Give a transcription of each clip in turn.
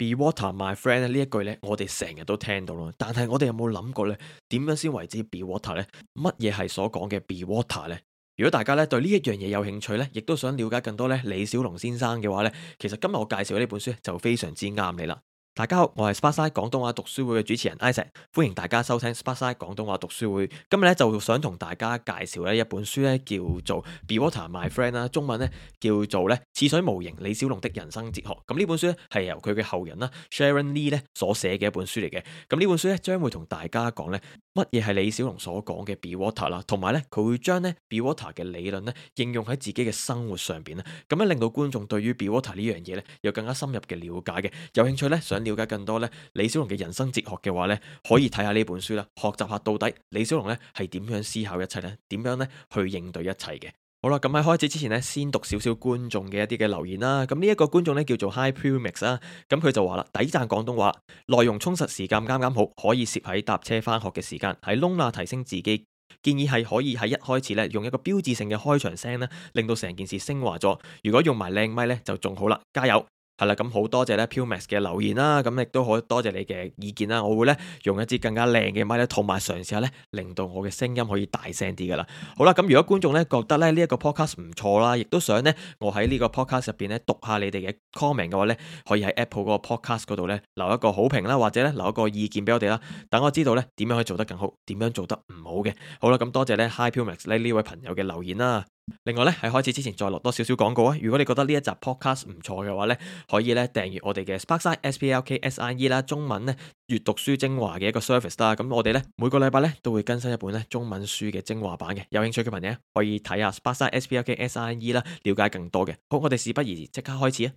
Be water, my friend 呢一句咧，我哋成日都聽到咯。但係我哋有冇諗過咧，點樣先為之 be water 咧？乜嘢係所講嘅 be water 咧？如果大家咧對呢一樣嘢有興趣咧，亦都想了解更多咧李小龍先生嘅話咧，其實今日我介紹嘅呢本書就非常之啱你啦。大家好，我係 Spa Side 廣東話讀書會嘅主持人 Isaac，歡迎大家收聽 Spa Side 廣東話讀書會。今日咧就想同大家介紹咧一本書咧叫做 Be Water My Friend 啦，中文咧叫做咧似水無形李小龍的人生哲學。咁呢本書咧係由佢嘅後人啦 Sharon Lee 咧所寫嘅一本書嚟嘅。咁呢本書咧將會同大家講咧乜嘢係李小龍所講嘅 Be Water 啦，同埋咧佢會將咧 Be Water 嘅理論咧應用喺自己嘅生活上邊咧，咁樣令到觀眾對於 Be Water 呢樣嘢咧有更加深入嘅了解。嘅有興趣咧想了解更多咧李小龍嘅人生哲學嘅話咧，可以睇下呢本書啦，學習下到底李小龍咧係點樣思考一切咧，點樣咧去應對一切嘅。好啦，咁喺開始之前咧，先讀少少觀眾嘅一啲嘅留言啦。咁呢一個觀眾咧叫做 High Premix 啦，咁佢就話啦，抵讚廣東話，內容充實，時間啱啱好，可以攝喺搭車翻學嘅時間，喺窿罅提升自己。建議係可以喺一開始咧用一個標誌性嘅開場聲咧，令到成件事升華咗。如果用埋靚咪咧就仲好啦，加油！係啦，咁好多謝咧 Pilmax 嘅留言啦，啊，咁亦都好多謝你嘅意見啦，啊，我會咧用一支更加靚嘅 mic，同埋嘗試下咧令到我嘅聲音可以大聲啲噶啦。好啦，咁如果觀眾咧覺得咧呢一個 podcast 唔錯啦，亦都想咧我喺呢個 podcast 入邊咧讀下你哋嘅 comment 嘅話咧，可以喺 Apple 嗰個 podcast 嗰度咧留一個好評啦，或者咧留一個意見俾我哋啦，等我知道咧點樣可以做得更好，點樣做得唔好嘅。好啦，咁多謝咧 High Pilmax 呢呢位朋友嘅留言啦，啊。另外咧喺開始之前再落多少少廣告啊！如果你覺得呢一集 podcast 唔錯嘅話咧，可以咧訂閱我哋嘅 s p a c k s i e S P L K S I E 啦，中文咧閱讀書精華嘅一個 service 啦。咁我哋咧每個禮拜咧都會更新一本咧中文書嘅精華版嘅，有興趣嘅朋友可以睇下 s p a c k s i e S P L K S I E 啦，了解更多嘅。好,我哋事不宜遲，即刻開始啊！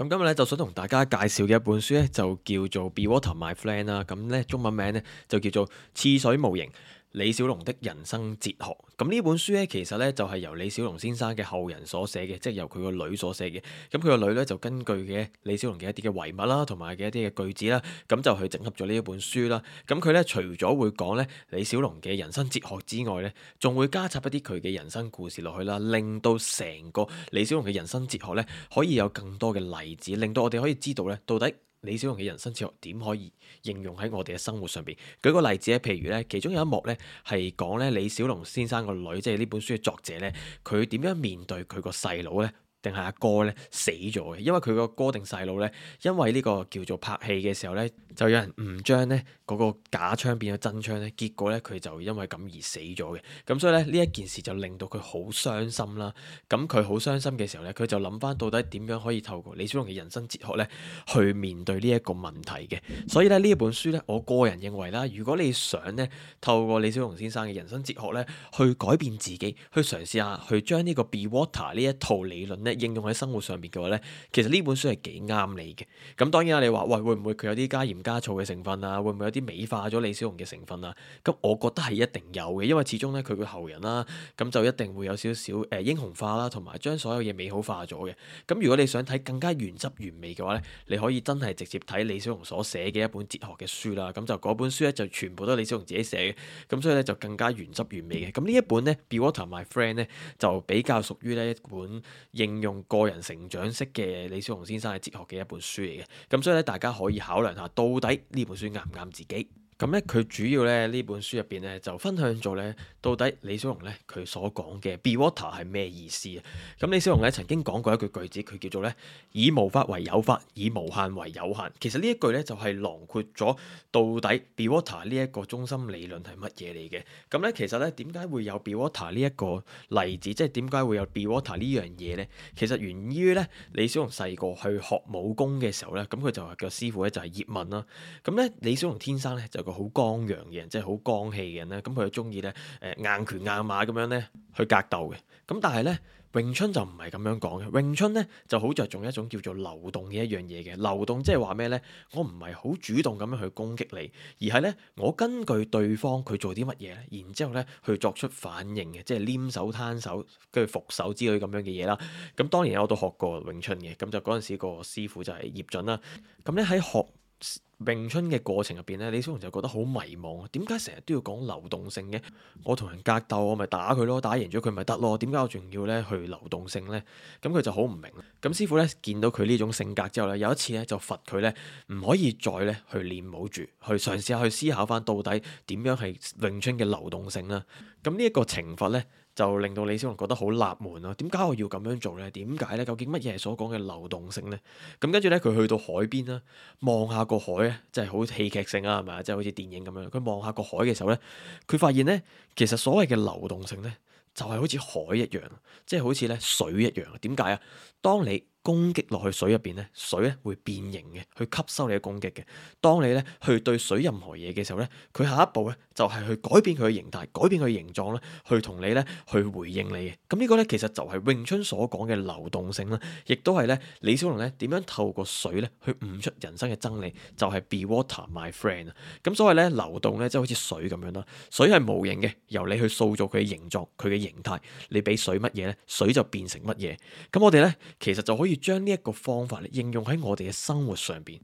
咁今日咧就想同大家介紹嘅一本書咧就叫做《Be Water My Friend》啦，咁咧中文名咧就叫做《似水模型》。李小龍的人生哲學，咁呢本書咧，其實咧就係由李小龍先生嘅後人所寫嘅，即係由佢個女所寫嘅。咁佢個女咧就根據嘅李小龍嘅一啲嘅遺物啦，同埋嘅一啲嘅句子啦，咁就去整合咗呢一本書啦。咁佢咧除咗會講咧李小龍嘅人生哲學之外咧，仲會加插一啲佢嘅人生故事落去啦，令到成個李小龍嘅人生哲學咧可以有更多嘅例子，令到我哋可以知道咧到底。李小龍嘅人生哲學點可以應用喺我哋嘅生活上面？舉個例子咧，譬如咧，其中有一幕咧係講咧李小龍先生個女，即係呢本書嘅作者咧，佢點樣面對佢個細佬咧？定係阿哥咧死咗嘅，因為佢個哥定細佬咧，因為呢個叫做拍戲嘅時候咧，就有人誤將咧嗰個假槍變咗真槍咧，結果咧佢就因為咁而死咗嘅，咁所以咧呢一件事就令到佢好傷心啦。咁佢好傷心嘅時候咧，佢就諗翻到底點樣可以透過李小龍嘅人生哲學咧去面對呢一個問題嘅。所以咧呢一本書咧，我個人認為啦，如果你想咧透過李小龍先生嘅人生哲學咧去改變自己，去嘗試下去將呢個 Be Water 呢一套理論咧。應用喺生活上面嘅話咧，其實呢本書係幾啱你嘅。咁當然啦，你話喂，會唔會佢有啲加鹽加醋嘅成分啊？會唔會有啲美化咗李小龍嘅成分啊？咁我覺得係一定有嘅，因為始終咧佢個後人啦，咁就一定會有少少誒、呃、英雄化啦，同埋將所有嘢美好化咗嘅。咁如果你想睇更加原汁原味嘅話咧，你可以真係直接睇李小龍所寫嘅一本哲學嘅書啦。咁就嗰本書咧就全部都係李小龍自己寫嘅，咁所以咧就更加原汁原味嘅。咁呢一本咧《Be Water My Friend》咧就比較屬於咧一本應。用個人成長式嘅李小龍先生嘅哲學嘅一本書嚟嘅，咁所以咧大家可以考量下，到底呢本書啱唔啱自己？咁咧，佢主要咧呢本書入邊咧就分享咗咧，到底李小龍咧佢所講嘅 be water 係咩意思啊？咁李小龍咧曾經講過一句句，句子，佢叫做咧以無法為有法，以無限為有限。其實呢一句咧就係、是、囊括咗到底 be water 呢一個中心理論係乜嘢嚟嘅。咁咧其實咧點解會有 be water 呢一個例子？即係點解會有 be water 呢樣嘢咧？其實源於咧李小龍細個去學武功嘅時候咧，咁佢就話個師傅咧就係、是、葉問啦。咁咧李小龍天生咧就～好剛陽嘅人，即係好剛氣嘅人呢，咁佢就中意呢誒硬拳硬馬咁樣呢去格鬥嘅。咁但係呢，詠春就唔係咁樣講嘅，詠春呢，就好着重一種叫做流動嘅一樣嘢嘅。流動即係話咩呢？我唔係好主動咁樣去攻擊你，而係呢，我根據對方佢做啲乜嘢呢？然之後呢去作出反應嘅，即係黏手攤手，跟住伏手之類咁樣嘅嘢啦。咁當然我都學過詠春嘅，咁就嗰陣時個師傅就係葉準啦。咁呢，喺學。詠春嘅過程入邊咧，李小龍就覺得好迷茫，點解成日都要講流動性嘅？我同人格鬥，我咪打佢咯，打贏咗佢咪得咯，點解我仲要咧去流動性呢？咁佢就好唔明。咁師傅咧見到佢呢種性格之後咧，有一次咧就罰佢咧唔可以再咧去練武住，去嘗試下去思考翻到底點樣係詠春嘅流動性啦。咁呢一個懲罰咧。就令到李小龍覺得好納悶咯，點解我要咁樣做咧？點解咧？究竟乜嘢係所講嘅流動性咧？咁跟住咧，佢去到海邊啦，望下個海咧，即係好戲劇性啊，係咪啊？即係好似電影咁樣，佢望下個海嘅時候咧，佢發現咧，其實所謂嘅流動性咧，就係好似海一樣，即係好似咧水一樣。點解啊？當你攻擊落去水入邊咧，水咧會變形嘅，去吸收你嘅攻擊嘅。當你咧去對水任何嘢嘅時候咧，佢下一步咧就係去改變佢嘅形態，改變佢嘅形狀咧，去同你咧去回應你嘅。咁呢個咧其實就係詠春所講嘅流動性啦，亦都係咧李小龍咧點樣透過水咧去悟出人生嘅真理，就係 Be Water My Friend 啊。咁所謂咧流動咧即係好似水咁樣啦，水係無形嘅，由你去塑造佢嘅形狀、佢嘅形態，你俾水乜嘢咧，水就變成乜嘢。咁我哋咧其實就可以。要將呢一個方法咧應用喺我哋嘅生活上邊。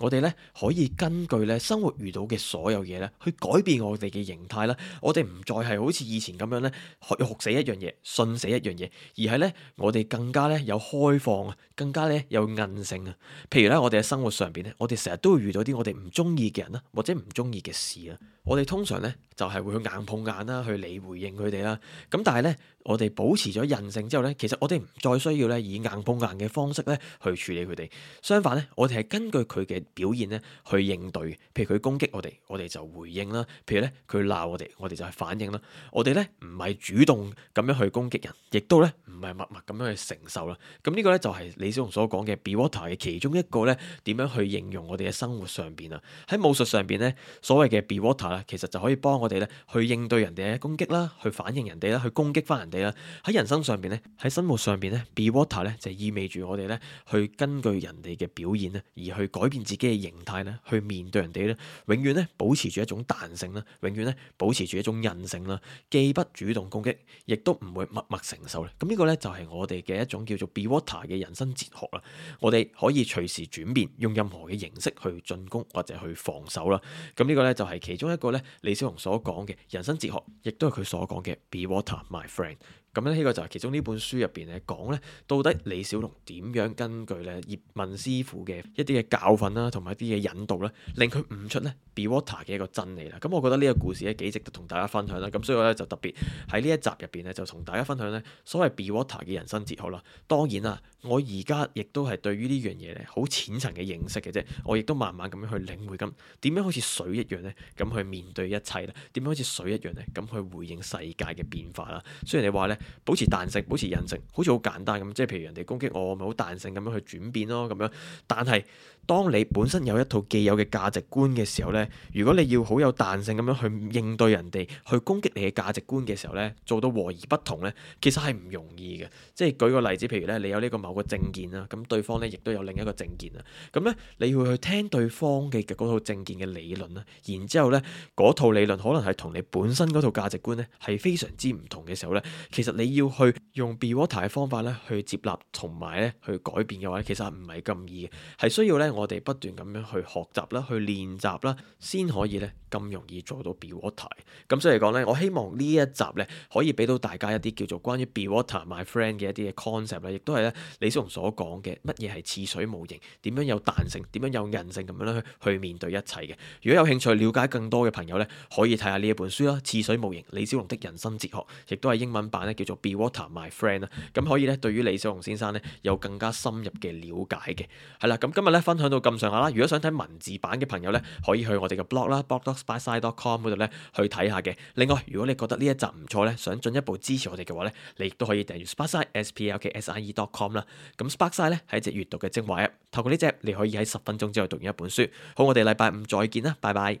我哋咧可以根據咧生活遇到嘅所有嘢咧，去改變我哋嘅形態啦。我哋唔再係好似以前咁樣咧，學學死一樣嘢，信死一樣嘢，而係咧我哋更加咧有開放啊，更加咧有韌性啊。譬如咧，我哋喺生活上邊咧，我哋成日都會遇到啲我哋唔中意嘅人啦，或者唔中意嘅事啦。我哋通常咧就係會去硬碰硬啦，去理回應佢哋啦。咁但係咧，我哋保持咗韌性之後咧，其實我哋唔再需要咧以硬碰硬嘅方式咧去處理佢哋。相反咧，我哋係根據佢嘅。表現咧去應對，譬如佢攻擊我哋，我哋就回應啦，譬如咧佢鬧我哋，我哋就係反應啦。我哋咧唔係主動咁樣去攻擊人，亦都咧唔係默默咁樣去承受啦。咁呢個咧就係李小龍所講嘅 Be Water 嘅其中一個咧點樣去應用我哋嘅生活上邊啊？喺武術上邊咧，所謂嘅 Be Water 咧，其實就可以幫我哋咧去應對人哋嘅攻擊啦，去反應人哋啦，去攻擊翻人哋啦。喺人生上邊咧，喺生活上邊咧，Be Water 咧就意味住我哋咧去根據人哋嘅表現咧而去改變自己嘅形態咧，去面對人哋咧，永遠咧保持住一種彈性啦，永遠咧保持住一種韌性啦，既不主動攻擊，亦都唔會默默承受咧。咁呢個咧就係我哋嘅一種叫做 Be Water 嘅人生哲學啦。我哋可以隨時轉變，用任何嘅形式去進攻或者去防守啦。咁呢個咧就係其中一個咧李小龍所講嘅人生哲學，亦都係佢所講嘅 Be Water，My Friend。咁呢個就係其中呢本書入邊咧講咧，到底李小龍點樣根據咧葉問師傅嘅一啲嘅教訓啦，同埋一啲嘅引導咧，令佢悟出咧 Be Water 嘅一個真理啦。咁我覺得呢個故事咧幾值得同大家分享啦。咁所以我咧就特別喺呢一集入邊咧就同大家分享咧所謂 Be Water 嘅人生哲學啦。當然啦，我而家亦都係對於呢樣嘢咧好淺層嘅認識嘅啫。我亦都慢慢咁樣去領會咁點樣好似水一樣咧，咁去面對一切咧，點樣好似水一樣咧，咁去回應世界嘅變化啦。雖然你話咧。保持彈性，保持韌性，好似好簡單咁。即係譬如人哋攻擊我，咪好彈性咁樣去轉變咯咁樣。但係當你本身有一套既有嘅價值觀嘅時候呢，如果你要好有彈性咁樣去應對人哋去攻擊你嘅價值觀嘅時候呢，做到和而不同呢，其實係唔容易嘅。即係舉個例子，譬如呢，你有呢個某個政見啦，咁對方呢亦都有另一個政見啊。咁呢，你會去聽對方嘅嗰套政見嘅理論啦，然之後呢，嗰套理論可能係同你本身嗰套價值觀呢係非常之唔同嘅時候呢。其實。你要去用 be water 嘅方法咧，去接納同埋咧，去改變嘅話咧，其實唔係咁易嘅，係需要咧我哋不斷咁樣去學習啦，去練習啦，先可以咧咁容易做到 be water。咁所以嚟講咧，我希望呢一集咧，可以俾到大家一啲叫做關於 be water my friend 嘅一啲嘅 concept 咧，亦都係咧李小龍所講嘅乜嘢係似水無形，點樣有彈性，點樣有韌性咁樣咧去面對一切嘅。如果有興趣了解更多嘅朋友咧，可以睇下呢一本書啦，《似水無形：李小龍的人生哲學》，亦都係英文版咧。叫做 Be Water My Friend 啦，咁可以咧，對於李小龍先生咧有更加深入嘅了解嘅，係啦，咁今日咧分享到咁上下啦。如果想睇文字版嘅朋友咧，可以去我哋嘅 blog 啦，blogspotside.com 嗰度咧去睇下嘅。另外，如果你覺得呢一集唔錯咧，想進一步支持我哋嘅話咧，你亦都可以訂閱 s p y t s i s p l k s i d e c o m 啦。咁 s p y t s i d 咧係一隻閱讀嘅精華 App，透過呢隻你可以喺十分鐘之後讀完一本書。好，我哋禮拜五再見啦，拜拜。